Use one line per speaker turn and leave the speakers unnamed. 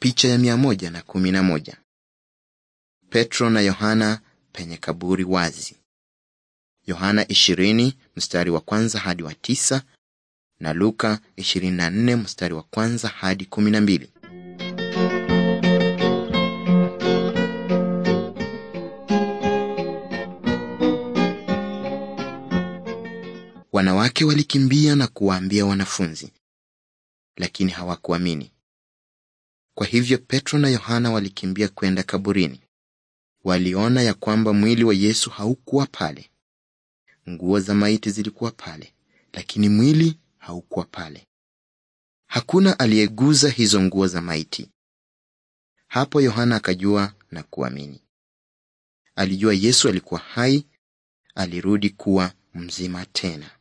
Picha ya mia moja na kumi na moja. Petro na Yohana penye kaburi wazi. Yohana 20 mstari wa kwanza hadi wa tisa na Luka 24 mstari wa kwanza hadi kumi na mbili. Wanawake walikimbia na kuwaambia wanafunzi, lakini hawakuamini. Kwa hivyo Petro na Yohana walikimbia kwenda kaburini. Waliona ya kwamba mwili wa Yesu haukuwa pale. Nguo za maiti zilikuwa pale, lakini mwili haukuwa pale. Hakuna aliyeguza hizo nguo za maiti. Hapo Yohana akajua na kuamini. Alijua Yesu alikuwa hai, alirudi kuwa mzima tena.